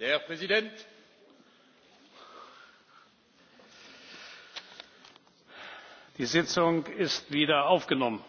der herr präsident die sitzung ist wieder aufgenommen.